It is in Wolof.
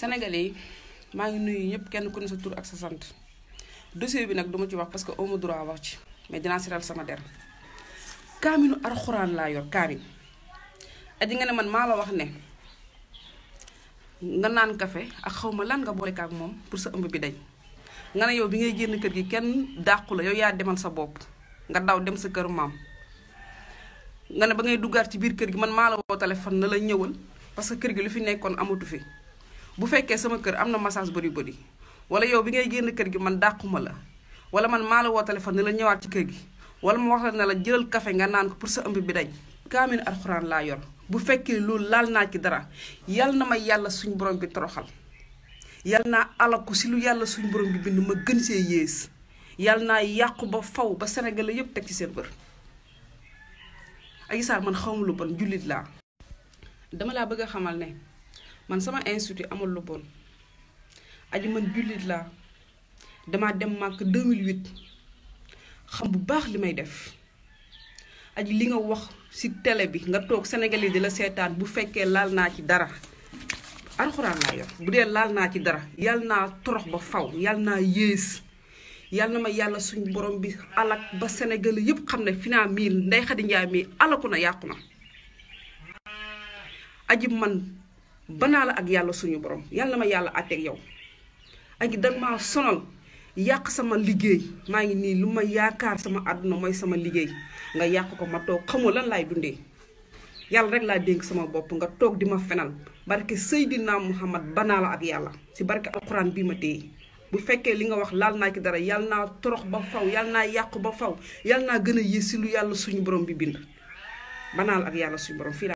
sénégalais yi maa ngi nuyu ñëpp kenn ku ne sa tur ak sa sant dossier bi nag duma ci wax parce que amu droit wax ci mais dinaa siral sama der kaaminu alxuraan laa yor kaamin aji nga ne man maa la wax ne nga naan kafe ak xaw ma lan nga boole kaak moom pour sa ëmb bi day nga ne yow bi ngay génn kër gi kenn dàqu la yow yaa demal sa bopp nga daw dem sa kër maam nga ne ba ngay duggaat ci biir kër gi man maa la woo téléphone na la ñëwal parce que kër gi lu fi nekkoon amatu fi bu fekkee sama kër am na massage body body wala yow bi ngay génn kër gi man dàquma la wala man maa la woo téléphone ne la ñëwaat ci kër gi wala ma wax la ne la jëlal kafe nga naan ko pour sa ëmb bi dañ kaamil alxuraan laa yor bu fekkee loolu laal naa ci dara yal na ma yàlla suñ borom bi toroxal yal naa alaku si lu yàlla suñ borom bi bind ma gën see yées yal naa yàqu ba faw ba Sénégal yépp teg ci seen bër Adji Sarr man xawma lu bon jullit laa dama laa bëgg a xamal ne man sama institut amul lu bon aji man jullit laa damaa dem màkk 2008 xam bu baax li may def aji li nga wax ci tele bi nga toog Sénégalais di la seetaan bu fekkee laal naa ci dara alxuraan laa yor bu dee laal naa ci dara yàlla naa torox ba faw yàlla naa yées yàlla na ma yàlla suñu borom bi alak ba Sénégal yëpp xam ne fi naa miil Ndeye Khady Ndiaye mii alaku na yàqu na aji man banaa la ak yàlla suñu borom yàlla ma yàlla àtteeg yow ak dag maa sonal yàq sama liggéey maa ngi nii lu ma yaakaar sama àdduna mooy sama liggéey nga yàq ko ma toog xamoo lan laay dundee yàlla rek laa dénk sama bopp nga toog di ma fenal barke Seydina Muhammad banaa la ak yàlla si barke alxuraan bii ma téye bu fekkee li nga wax laal naa ki dara yàlla naa torox ba faw yàlla naa yàqu ba faw yàlla naa gën a yées si lu yàlla suñu borom bi bind banaa la ak